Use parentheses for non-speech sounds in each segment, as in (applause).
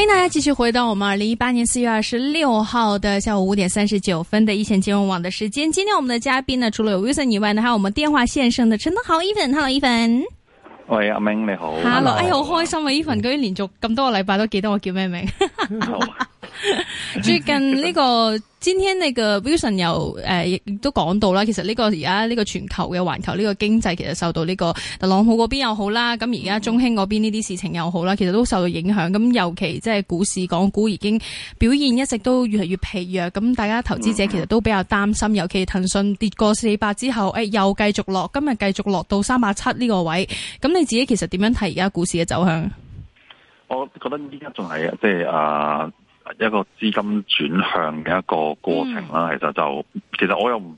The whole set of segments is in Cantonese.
歡迎大家繼續回到我們二零一八年四月二十六號的下午五點三十九分的一線金融網的時間。今天我們的嘉賓呢，除了有 Ethan 以外呢，還有我們電話線上的陳德豪 Ethan。Hello，Ethan。喂，阿明你好。Hello，哎，好開心啊，Ethan，居然連續咁多個禮拜都記得我叫咩名。 (laughs) (laughs) 最近呢、這個今天呢個 Vision 又誒亦都講到啦，其實呢個而家呢個全球嘅環球呢個經濟其實受到呢、這個特朗普嗰邊又好啦，咁而家中興嗰邊呢啲事情又好啦，其實都受到影響。咁尤其即係股市港股已經表現一直都越嚟越疲弱，咁大家投資者其實都比較擔心。尤其騰訊跌過四百之後，誒、哎、又繼續落，今日繼續落到三百七呢個位。咁你自己其實點樣睇而家股市嘅走向？我覺得呢家仲係即係啊。一個資金轉向嘅一個過程啦，嗯、其實就其實我又唔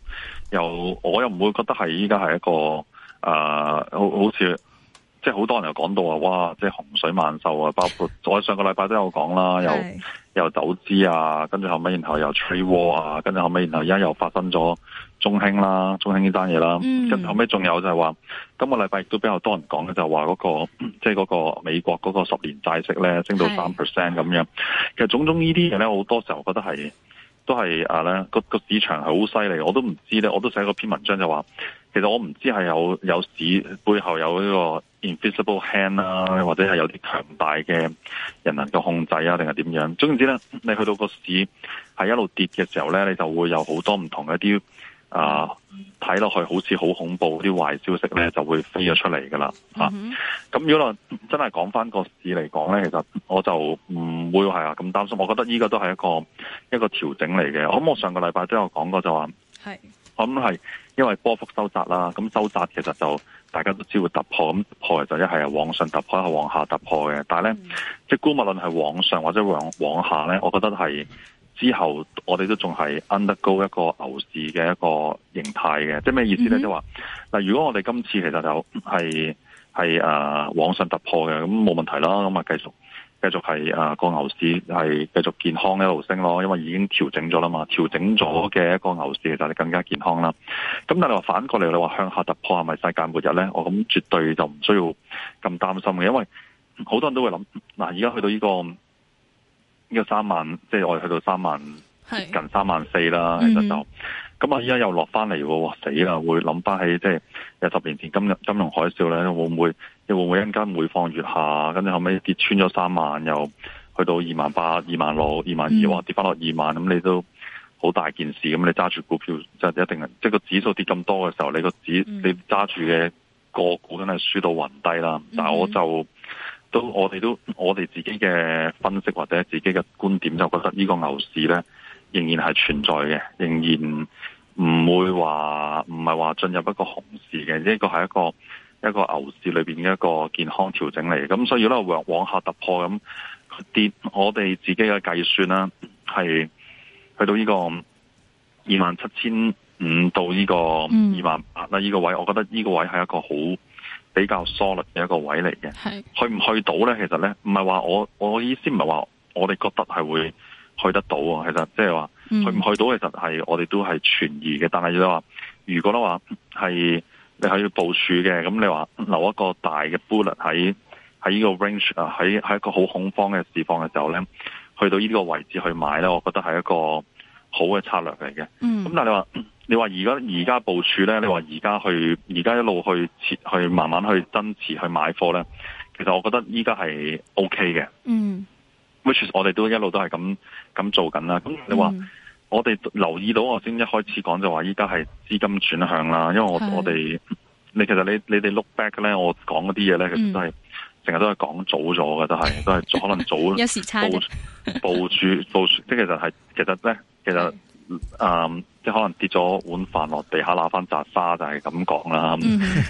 會我又唔會覺得係依家係一個、呃、好好似即係好多人又講到啊，哇，即係洪水猛獸啊，包括我上個禮拜都說的有講啦，又又走資啊，跟住後尾然後，後又 trade war 啊，跟住後尾然後而家又，又發生咗。中興啦，中興呢單嘢啦，跟、嗯、後尾仲有就係話，今個禮拜亦都比較多人講嘅就係話嗰、嗰個即係嗰個美國嗰個十年債息咧升到三 percent 咁樣。是其實種種呢啲嘢咧，好多時候覺得係都係啊咧，個個市場係好犀利，我都唔知咧，我都寫過篇文章就話，其實我唔知係有有市背後有呢個 invisible hand 啦、啊，或者係有啲強大嘅人能夠控制啊，定係點樣？總言之咧，你去到個市係一路跌嘅時候咧，你就會有好多唔同嘅一啲。啊！睇落去好似好恐怖啲壞消息咧，就會飛咗出嚟噶啦。吓咁、mm hmm. 啊、如果真係講翻個市嚟講咧，其實我就唔會係啊咁擔心。我覺得依個都係一個一個調整嚟嘅。咁我諗我上個禮拜都有講過就，就話係，咁、hmm. 係因為波幅收窄啦。咁收窄其實就大家都知會突破，咁破就一係啊往上突破，一係往下突破嘅。但係咧，mm hmm. 即係無論係往上或者往往下咧，我覺得係。之後我哋都仲係 undergo 一個牛市嘅一個形態嘅，即係咩意思咧？即係話嗱，如果我哋今次其實就係係誒往上突破嘅，咁冇問題啦，咁啊繼續繼續係誒個牛市係繼續健康一路升咯，因為已經調整咗啦嘛，調整咗嘅一個牛市其實你更加健康啦。咁但係話反過嚟，你話向下突破係咪世界末日咧？我咁絕對就唔需要咁擔心嘅，因為好多人都會諗嗱，而家去到呢個。三萬，即係我哋去到三萬，是近三萬四啦，其實就咁啊！依家，嗯、又落翻嚟喎，死啦！會諗翻起，即係有十年前金，金融海嘯咧，會唔會？會唔會一陣間放月下，跟住後尾跌穿咗三萬，又去到二萬八，嗯、二萬六、二萬二，跌翻落二萬，咁你都好大件事。咁你揸住股票就一定係，即係個指數跌咁多嘅時候，你個指，嗯、你揸住嘅個股真係輸到暈低啦。嗯、但係我就。都我哋都我哋自己嘅分析或者自己嘅觀點就覺得呢個牛市咧仍然係存在嘅，仍然唔會話唔係話進入一個熊市嘅，呢個係一個一個牛市裏邊嘅一個健康調整嚟。咁所以咧往下突破咁跌，我哋自己嘅計算啦，係去到呢個二萬七千五到呢個二萬八啦呢個位，我覺得呢個位係一個好。比較 solid 嘅一個位嚟嘅，是去唔去到咧？其實咧，唔係話我我意思唔係話我哋覺得係會去得到啊。其實即係話去唔去到，其實係我哋都係存疑嘅。但係你話如果都話係你係要部署嘅，咁你話留一個大嘅 bullet 喺喺呢個 range 啊，喺喺一個好恐慌嘅市況嘅時候咧，去到呢個位置去買咧，我覺得係一個。好嘅策略嚟嘅，咁、嗯、但係你話，你話而家而家部署咧，你話而家去而家一路去切去慢慢去增持去買貨咧，其實我覺得依家係 O K 嘅。嗯，which is, 我哋都一路都係咁咁做緊啦。咁你話、嗯、我哋留意到我先一開始講就話依家係資金轉向啦，因為我的我哋你其實你你哋 look back 咧，我講嗰啲嘢咧，其實都係成日都係講早咗嘅，都係都係可能早有時差啲部署部署，即其實係其實咧。其實誒，即係可能跌咗碗飯落地下，攋翻紮沙就係咁講啦。咁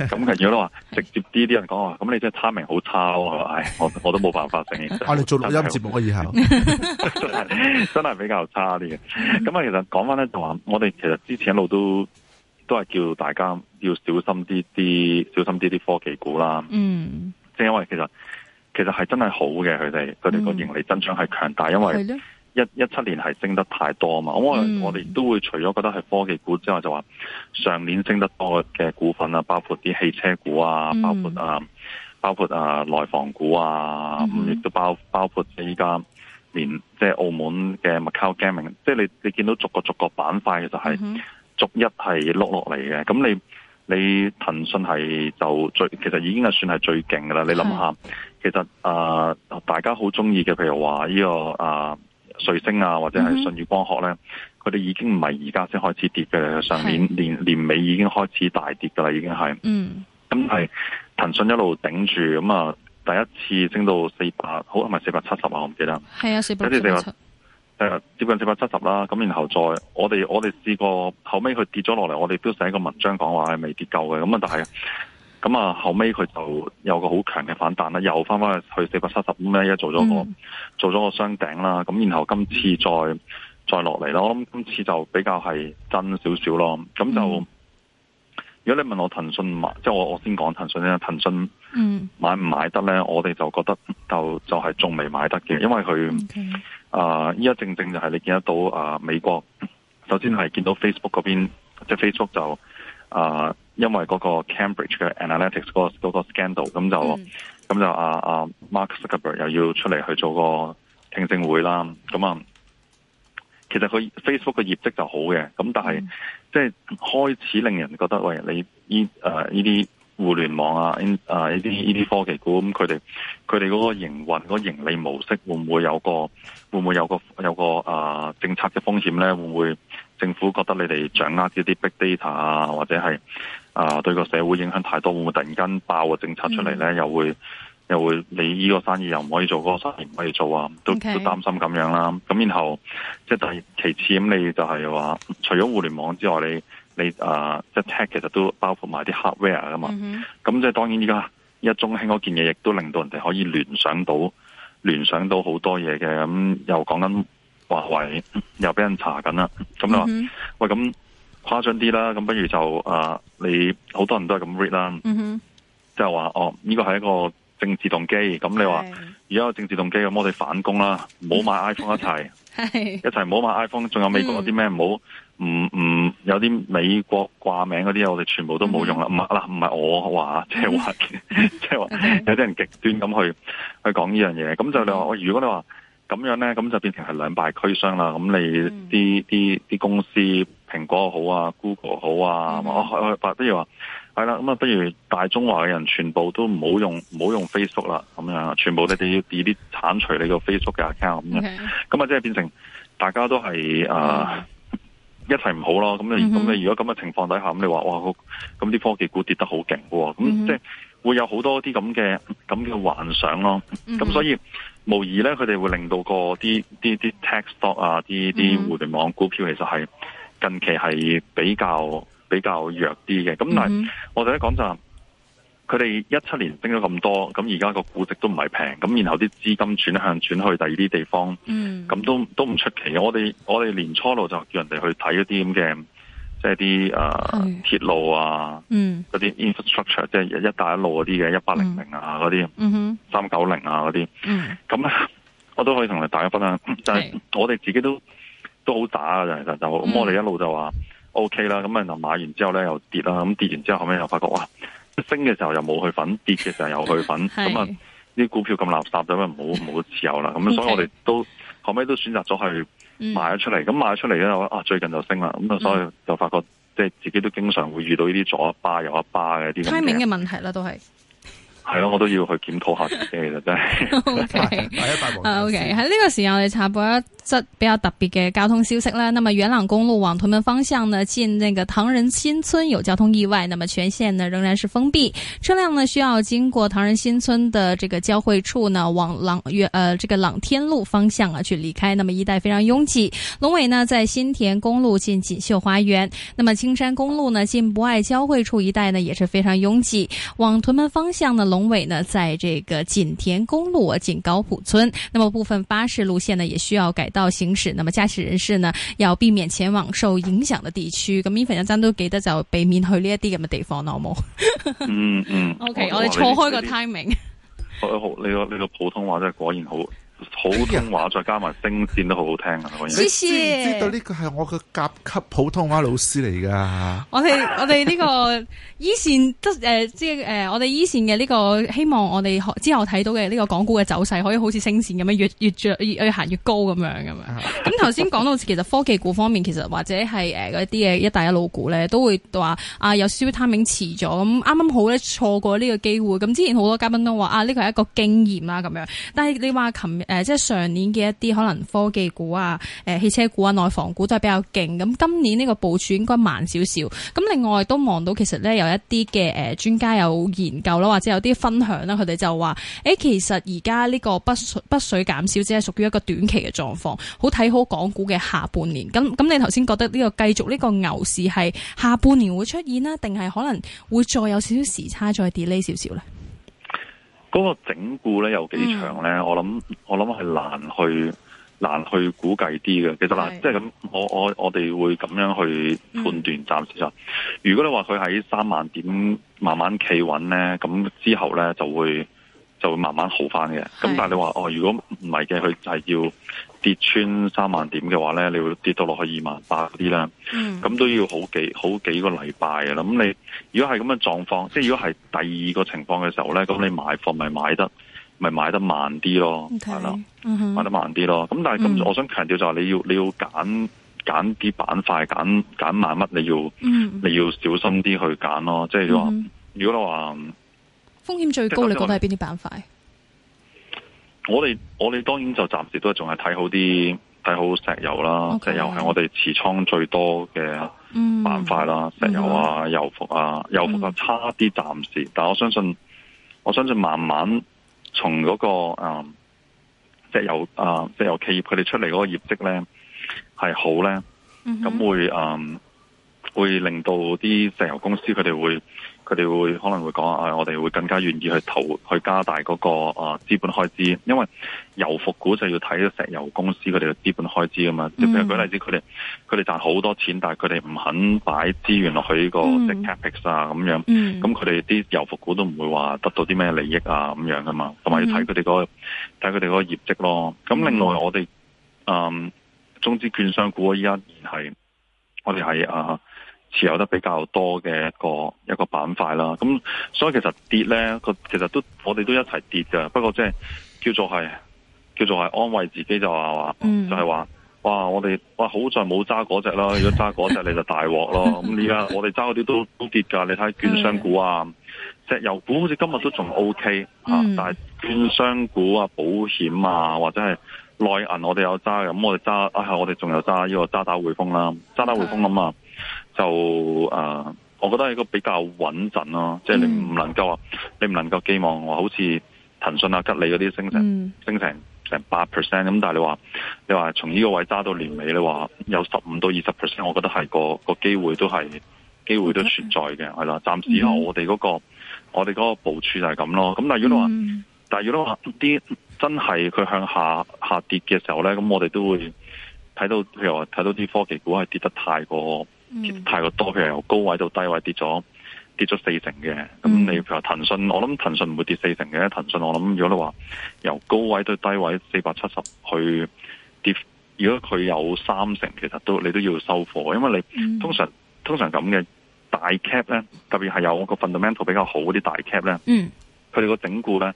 其實如果話直接啲啲人講話，咁你真係 timing 好差，係我我都冇辦法承認。我哋做錄音節目嘅以後，真係真係比較差啲嘅。咁啊，其實講翻咧就話，我哋其實之前一路都都係叫大家要小心啲啲，小心啲啲科技股啦。嗯，正因為其實其實係真係好嘅，佢哋佢哋個盈利增長係強大，因為。一一七年係升得太多嘛，咁、嗯、我我哋都會除咗覺得係科技股之外就說，就話上年升得多嘅股份啊，包括啲汽車股啊，嗯、包括啊，包括啊內房股啊，亦、嗯、哼都包括包括依家連即係澳門嘅 Macau Gaming 即係你你見到逐個逐個板塊嘅就係、是嗯、哼逐一係碌落嚟嘅，咁你你騰訊係就最其實已經係算係最勁嘅啦，你諗下，是其實、呃、大家好中意嘅，譬如話呢、呢個啊。呃瑞星啊，或者係舜宇光學咧，佢哋、嗯、哼已經唔係而家先開始跌嘅，上年是年年尾已經開始大跌噶啦，已經係、嗯。嗯，咁係騰訊一路頂住，咁啊，第一次升到四百，好係咪四百七十啊？我唔記得。係啊，四百七十。有啲人話接近四百七十啦，啊，咁然後再，我哋我哋試過，後尾佢跌咗落嚟，我哋都寫個文章講話係未跌夠嘅，咁、嗯、啊但係。咁啊、嗯，後尾佢就有個好強嘅反彈啦，又翻翻去去四百七十五咧，做咗個、嗯、做咗個雙頂啦。咁然後今次再、嗯、再落嚟咯。我諗今次就比較係真少少咯。咁、嗯、就如果你問我騰訊買，即係我我先講騰訊咧。騰訊嗯買唔買得咧？我哋就覺得就就係、是、仲未買得嘅，因為佢啊依家正正就係你見得到啊、呃、美國。首先係見到 Facebook 嗰邊，即係 Facebook 就啊。呃因為嗰個 Cambridge 嘅 Analytics 嗰個 Scandal，咁就咁、嗯、就啊啊 Mark Zuckerberg 又要出嚟去做個聽證會啦。咁啊，其實佢 Facebook 嘅業績就好嘅，咁但係即係開始令人覺得喂，你呢誒呢啲互聯網啊，誒呢啲呢啲科技股，咁佢哋佢哋嗰個營運嗰個盈利模式會唔會有個會唔會有個有個、呃、政策嘅風險咧？會唔會政府覺得你哋掌握呢啲 Big Data 啊，或者係？啊，對個社會影響太多，會唔會突然間爆個政策出嚟咧？嗯、又會又會，你依個生意又唔可以做，嗰、嗰個生意唔可以做啊！都 Okay. 都擔心咁樣啦、啊。咁然後即係其次咁，你就係話，除咗互聯網之外，你你誒、啊，即係 tech 其實都包括埋啲 hardware 噶嘛。咁、嗯、哼即係當然依、這、家、個、一中興嗰件嘢，亦都令到人哋可以聯想到聯想到好多嘢嘅。咁、嗯、又講緊華為又俾人查緊啦、啊。咁你話喂咁？誇張啲啦，咁不如就誒，你好多人都係咁 read 啦，即係話哦，呢個係一個政治動機，咁你話如果有政治動機咁，我哋反攻啦，唔好買 iPhone 一齊，一齊唔好買 iPhone，仲有美國啲咩唔好唔唔有啲美國掛名嗰啲嘢，我哋全部都冇用啦，唔係啦，唔係我話，即係話，即係話有啲人極端咁去去講呢樣嘢，咁就你話，如果你話咁樣呢，咁就變成係兩敗俱傷啦，咁你啲啲啲公司。蘋果好啊，Google 好啊，我、mm hmm. 啊啊、不如話，係啦，咁啊，不如大中華嘅人全部都唔好用，唔好用 Facebook 啦，咁樣，全部你哋要 delete、剷除你個 Facebook 嘅 account 咁樣 Okay .，咁啊，即係變成大家都係啊 Okay. 一齊唔好咯，咁你咁咧，mm hmm. 如果咁嘅情況底下，咁你話哇，咁啲科技股跌得好勁喎，咁即係會有好多啲咁嘅咁嘅幻想咯，咁所以無疑咧，佢哋會令到個啲啲啲 tech stock 啊，啲啲互聯網股票其實係。近期係比較比較弱啲嘅，咁、mm hmm. 但係我哋一講就係，佢哋一七年升咗咁多，咁而家個估值都唔係平，咁然後啲資金轉向轉去第二啲地方，咁、mm hmm. 都都唔出奇嘅。我哋我哋年初度就叫人哋去睇一啲咁嘅，即係啲誒鐵路啊，嗯、mm，嗰、hmm. 啲 infrastructure，即係一帶一路嗰啲嘅一八零零啊嗰啲，三九零啊嗰啲，咁、mm hmm. 我都可以同你打一分啊、mm hmm. 但係我哋自己都。都好打啊！就其實就咁，我哋一路就話 O K 啦。咁啊，就買完之後咧又跌啦。咁跌完之後，後尾又發覺哇，升嘅時候又冇去粉，跌嘅時候又去粉。咁啊 (laughs) 是，啲股票咁垃圾，咁唔好唔好持有啦。咁所以我哋都 Okay. 後尾都選擇咗去賣咗出嚟。咁賣咗出嚟咧，啊最近就升啦。咁啊，所以就發覺即係、嗯、自己都經常會遇到呢啲左一巴右一巴嘅啲。嘅問題啦，都係。係咯，我都要去檢討下自己，其實真係。OK，OK，喺呢個時候我哋插播一則比較特別嘅交通消息啦。那麼元朗公路往屯門方向呢，進那個唐人新村有交通意外，那麼全線呢仍然是封閉，車輛呢需要經過唐人新村的這個交匯處呢，往朗月呃，這個朗天路方向啊去離開，那麼一帶非常擁擠。龍尾呢在新田公路進錦繡花園，那麼青山公路呢進博愛交匯處一帶呢也是非常擁擠，往屯門方向呢。龍尾呢，在這個錦田公路啊，錦高埔村，那麼部分巴士路線呢，也需要改道行駛。那麼駕駛人士呢，要避免前往受影響的地區。咁呢份一真都記得就避免去呢一啲咁嘅地方咯，好冇、嗯？嗯 (laughs) 嗯。O Okay , K，我哋錯我我開個 timing。好，你個呢、這個普通話真係果然好。普通話再加埋聲線都好好聽啊！我你知唔知道呢個係我個甲級普通話老師嚟噶？我哋我哋呢個依線即係誒，即係誒、呃，我哋依線嘅呢個希望，我哋之後睇到嘅呢個港股嘅走勢，可以好似升線咁樣越越越行越，越高咁樣咁樣。咁頭先講到其實科技股方面，其實或者係誒啲嘅一帶一路股咧，都會話啊有 timing 遲咗，咁啱啱好咧錯過呢個機會。咁之前好多嘉賓都話啊，呢個係一個經驗啦咁樣。但係你話琴日。誒、呃，即係上年嘅一啲可能科技股啊、呃、汽車股啊、內房股都係比較勁。咁今年呢個部署應該慢少少。咁另外都望到其實呢有一啲嘅誒專家有研究啦，或者有啲分享啦，佢哋就話：誒、欸、其實而家呢個北水北水減少，只係屬於一個短期嘅狀況。好睇好港股嘅下半年。咁咁，你頭先覺得呢個繼續呢個牛市係下半年會出現啦，定係可能會再有少少時差，再 delay 少少呢？嗰個整固呢有幾長呢？嗯、我諗我諗係難去難去估計啲嘅。其實嗱、就係，即係咁，我我我哋會咁樣去判斷，暫時就。如果你話佢喺三萬點慢慢企穩呢，咁之後呢就會。就會慢慢好翻嘅，咁是但係你話哦，如果唔係嘅，佢就係要跌穿三萬點嘅話咧，你會跌到落去二萬八嗰啲啦，咁、嗯、都要好幾好幾個禮拜嘅啦。咁你如果係咁嘅狀況，即係如果係第二個情況嘅時候咧，咁、嗯、你買貨咪買得咪買得慢啲咯，係啦，買得慢啲咯。咁但係我想強調就係你要你要揀揀啲板塊，揀揀萬乜你要、嗯、你要小心啲去揀咯，即係你話，嗯、哼如果你話。風險最高，你覺得係邊啲板塊？我哋我哋當然就暫時都係仲係睇好啲，睇好石油啦。Okay. 石油係我哋持倉最多嘅板塊啦，嗯、石油啊，嗯、哼油服啊，油服啊差啲暫時。嗯、但我相信，我相信慢慢從嗰、那個誒，石油誒，石油、呃、企業佢哋出嚟嗰個業績咧係好咧，咁、嗯、哼會誒、呃、會令到啲石油公司佢哋會。佢哋會可能會講啊，我哋會更加願意去投，去加大嗰、那個啊、呃、資本開支，因為油服股就要睇石油公司佢哋嘅資本開支啊嘛。即、嗯、譬如舉例子，佢哋佢哋賺好多錢，但係佢哋唔肯擺資源落去呢、這個即係 capex 啊咁樣。咁佢哋啲油服股都唔會話得到啲咩利益啊咁樣噶嘛，同埋要睇佢哋個睇佢哋嗰個業績咯。咁、嗯、另外我哋嗯，中、呃、資券商股依一年係我哋係啊。呃持有得比較多嘅一個一個板塊啦，咁所以其實跌咧佢其實都我哋都一齊跌㗎。不過即係叫做係叫做係安慰自己就話話，就係話哇我哋哇好在冇揸嗰隻囉。如果揸嗰隻你就大鑊咯。咁而家我哋揸嗰啲都跌噶，你睇券商股啊、石油股，好似今日都仲 OK 啊，但係券商股啊、保險啊或者係內銀，我哋有揸咁我哋揸啊，我哋仲有揸呢個渣打匯豐啦，渣打匯豐咁啊。就誒、呃，我覺得係一個比較穩陣咯，即係你唔能夠啊，即係、你唔能夠、嗯、寄望話好似騰訊啊、吉利嗰啲升成、嗯、升成成八 percent 咁，但係你話你話從呢個位揸到年尾，你話有十五到二十 percent，我覺得係個個機會都係機會都存在嘅，係啦 Okay.。暫時有我哋嗰、嗰個、嗯、我哋嗰個部署就係咁咯。咁但係如果你話、嗯、但係如果話啲真係佢向下下跌嘅時候咧，咁我哋都會睇到譬如話睇到啲科技股係跌得太過。嗯、太過多，譬如由高位到低位跌咗跌咗四成嘅，咁你譬如騰訊，我諗騰訊唔會跌四成嘅。騰訊我諗，如果你話由高位到低位四百七十去跌，如果佢有三成，其實都你都要收貨，因為你、嗯、通常通常咁嘅大 cap 咧，特別係有個 fundamental 比較好啲大 cap 咧，佢哋、嗯、個整固咧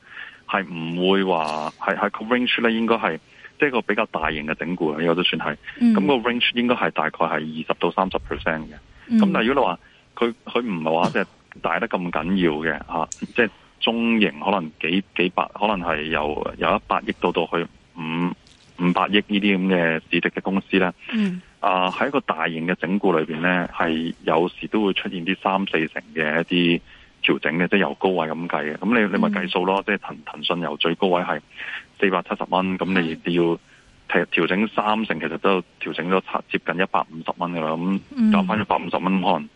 係唔會話係係 covering 咧，應該係。即係個比較大型嘅整固，呢個都算係。咁、嗯、個 range 應該係大概係二十到三十 percent 嘅。咁、嗯、但係如果你話佢佢唔係話即係大得咁緊要嘅吓，即、啊、係、就是、中型可能幾幾百，可能係由由一百億到到去五五百億呢啲咁嘅市值嘅公司咧。啊、嗯，喺、呃、一個大型嘅整固裏邊咧，係有時都會出現啲三四成嘅一啲。調整嘅，即係由高位咁計嘅，咁你你咪計數咯。嗯、即係騰騰訊由最高位係四百七十蚊，咁你只要調整三成，其實都調整咗接近一百五十蚊噶啦。咁減翻一百五十蚊，可能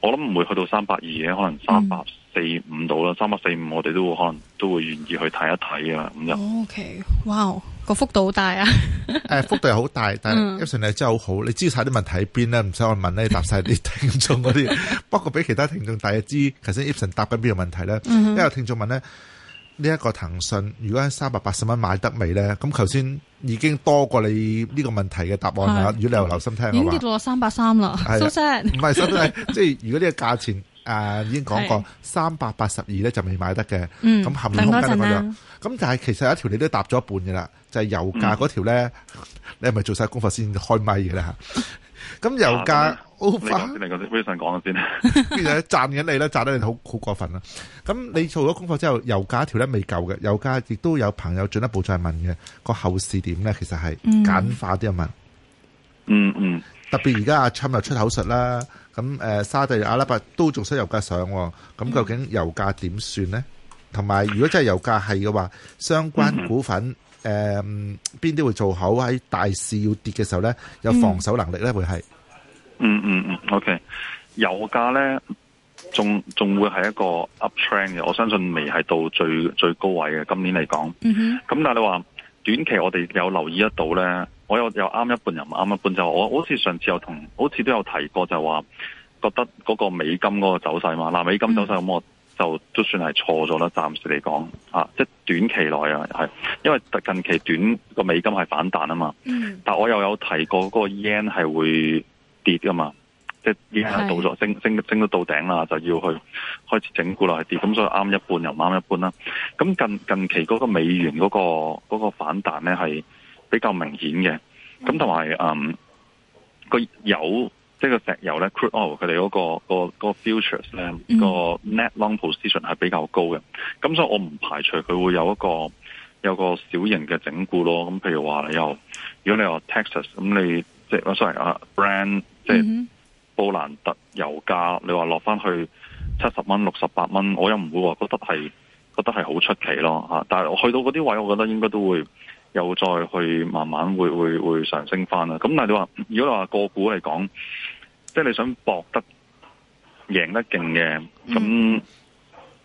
我諗唔會去到三百二嘅，可能三百四五到啦。三百四五，我哋都會可能都會願意去睇一睇嘅啦。咁就。Oh, okay, wow. 個幅度好大啊！誒、 (laughs) 呃，幅度又好大，但係 e i p s o n 你真係好好，嗯、你知晒啲問題喺邊咧，唔使我問咧，你答晒啲聽眾嗰啲。 (laughs) (laughs) 不過比其他聽眾大家知，頭先 e i p s o n 答緊邊個問題咧？一、嗯哼一個聽眾問咧，呢一個騰訊如果喺三百八十蚊買得未咧？咁頭先已經多過你呢個問題嘅答案啦。是如果你又留心聽，嗯、吧已經跌到三百三啦，唔係即係如果呢個價錢。誒、啊、已經講過三百八十二咧，就未買得嘅，咁、嗯、後面空間咁樣。咁但係其實有一條你都答咗一半嘅啦，就係、是、油價嗰條咧，你係咪做晒功課先開咪嘅咧？咁油價歐化先嚟講，其實讚緊你啦，讚得你好好過分啦。咁你做咗功課之後，油價一條咧未夠嘅，油價亦都有朋友進一步再問嘅、那個後市點咧，其實係簡化啲問。嗯嗯，嗯特別而家阿昌又出口術啦。咁誒，沙地阿拉伯都仲收油價上喎、哦，咁究竟油價點算呢？同埋、嗯，如果真係油價係嘅話，相關股份誒邊啲會做好喺大市要跌嘅時候呢，有防守能力呢會係、嗯。嗯嗯嗯，OK，油價呢仲仲會係一個 up trend 嘅，我相信未係到最最高位嘅，今年嚟講。咁、嗯、哼但係你話短期我哋有留意得到呢。我又又啱一半又唔啱一半就是，我好似上次有同好似都有提過就話、是、覺得嗰個美金嗰個走勢嘛嗱、呃、美金走勢咁、嗯、我就都算係錯咗啦，暫時嚟講啊，即係短期內啊係，因為近期短個美金係反彈啊嘛，嗯、但我又有提過嗰、嗰個 yen 係會跌噶嘛，即係 yen 係到咗升升升到到頂啦，就要去開始整固落去跌，咁所以啱一半又唔啱一半啦，咁近近期嗰個美元嗰、嗰個嗰、嗰個反彈咧係。比較明顯嘅，咁同埋，嗯，個、嗯、油即係個石油咧，crude oil 佢哋嗰個、那個、那個 futures 咧、嗯、個 net long position 係比較高嘅，咁所以我唔排除佢會有一個有個小型嘅整固咯，咁譬如話你又如果你話 Texas 咁你即係、就是、，sorry 啊，brand 即係布蘭特油價，嗯、哼你話落翻去七十蚊六十八蚊，我又唔會話覺得係覺得係好出奇咯吓，但係我去到嗰啲位，我覺得應該都會。又再去慢慢會會會上升翻啦。咁但係你話，如果你話個股嚟講，即係、就是、你想搏得贏得勁嘅，咁、mm hmm.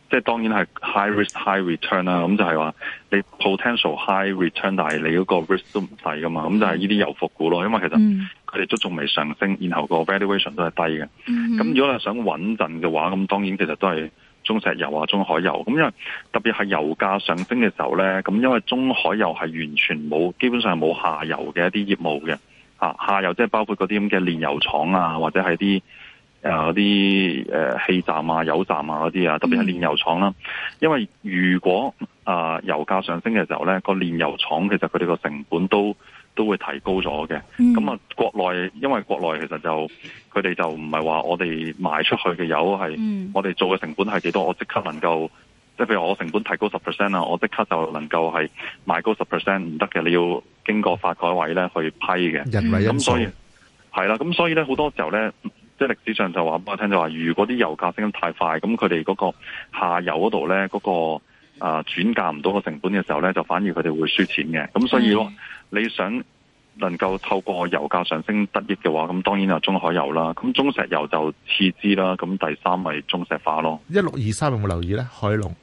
即係當然係 high risk high return 啦。咁就係話你 potential high return，但係你嗰個 risk 都唔低噶嘛。咁就係呢啲油服股咯，因為其實佢哋都仲未上升，然後個 valuation 都係低嘅。咁如果你係想穩陣嘅話，咁當然其實都係。中石油啊，中海油咁，因為特別係油價上升嘅時候咧，咁因為中海油係完全冇，基本上冇下游嘅一啲業務嘅吓、啊，下游即係包括嗰啲咁嘅煉油廠啊，或者係啲誒嗰啲誒氣站啊、油站啊嗰啲啊，特別係煉油廠啦、啊。因為如果啊油價上升嘅時候咧，個煉油廠其實佢哋個成本都。都會提高咗嘅，咁啊、嗯，國內、嗯、因為國內其實就佢哋就唔係話我哋賣出去嘅油係，我哋做嘅成本係幾多，嗯、我即刻能夠，即係譬如我成本提高十 percent 啊，我即刻就能夠係賣高十 percent 唔得嘅，你要經過發改委咧去批嘅，咁所以係啦，咁所以咧好多時候咧，即係歷史上就話我聽就話，如果啲油價升得太快，咁佢哋嗰個下游嗰度咧嗰個、啊、轉嫁唔到個成本嘅時候咧，就反而佢哋會輸錢嘅，咁所以咯。嗯你想能夠透過油價上升得益嘅話，咁當然就中海油啦，咁中石油就次之啦，咁第三咪中石化咯。一六二三有冇留意咧？海龍，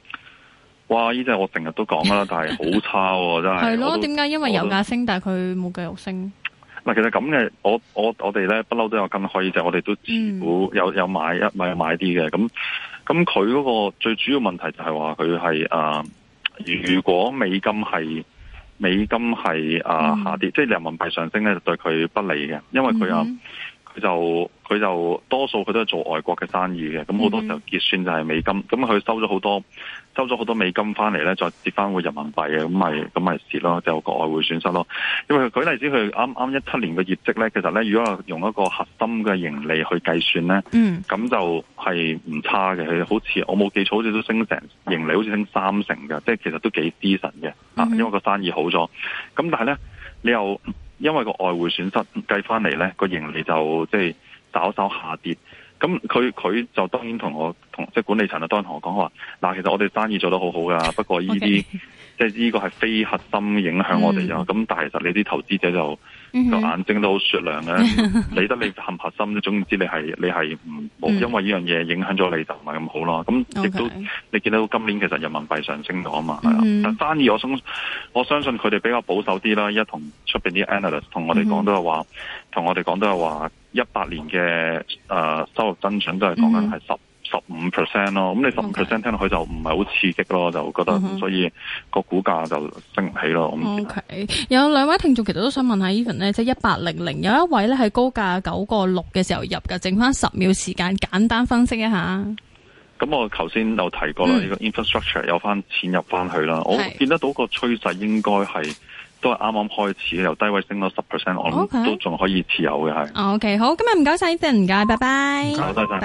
哇！呢隻我成日都講啦， (laughs) 但係好差、啊、真係。係咯的？點解都因為油價升，都都但係佢冇繼續升？嗱，其實咁嘅，我我我哋咧不嬲都有咁可以，就、我哋都持股有、嗯、有，有，買有買一買買啲嘅。咁咁佢嗰個最主要問題就係話佢係啊，如果美金係。美金係啊、呃、下跌，嗯、即係人民幣上升咧，就對佢不利嘅，因為佢又。嗯佢就佢就多數佢都係做外國嘅生意嘅，咁好多時候結算就係美金，咁佢收咗好多收咗好多美金翻嚟咧，再折翻回個人民幣嘅，咁咪咁咪蝕咯，就有個外匯損失咯。因為佢舉例子佢啱啱一七年嘅業績咧，其實咧如果用一個核心嘅盈利去計算咧，咁就係唔差嘅，佢好似我冇記錯，好似都升成盈利好似升三成嘅，即係其實都幾 decent 嘅，mm hmm. 啊，因為個生意好咗。咁但係咧，你又。因為個外匯損失計翻嚟咧，個盈利就即係稍稍下跌。咁佢佢就當然同我。即係管理層啊，當日同我講話，嗱，其實我哋生意做得好好噶，不過依啲 Okay. 即係依個係非核心影響我哋啊。咁、mm hmm. 但係其實你啲投資者就就眼睛都好雪亮咧，mm hmm. 理得你冚核心，總之你係你係唔冇，mm hmm. 因為呢樣嘢影響咗你就是，就唔係咁好咯。咁亦都你見到今年其實人民幣上升咗啊嘛，係啊。Mm hmm. 但生意我相我相信佢哋比較保守啲啦。一同出邊啲 analyst 同我哋講都係話同、mm hmm. 我哋講都係話一八年嘅誒、呃、收入增長都係講緊係十。Hmm. 十五 percent 咯，咁你十五 percent 聽落去就唔係好刺激咯，Okay. 就覺得，所以個股價就升唔起咯。OK，樣有兩位聽眾其實都想問下 Evan 咧，即係一八零零，有一位咧係高價九個六嘅時候入嘅，剩翻，十秒時間簡單分析一下。咁我頭先有提過啦，呢、嗯、個 infrastructure 有翻錢入翻去啦，是我見得到個趨勢應該係都係啱啱開始由低位升到十 percent，Okay. 我諗都仲可以持有嘅係。OK，好，今日唔該晒 Evan，唔該，謝謝拜拜。唔該，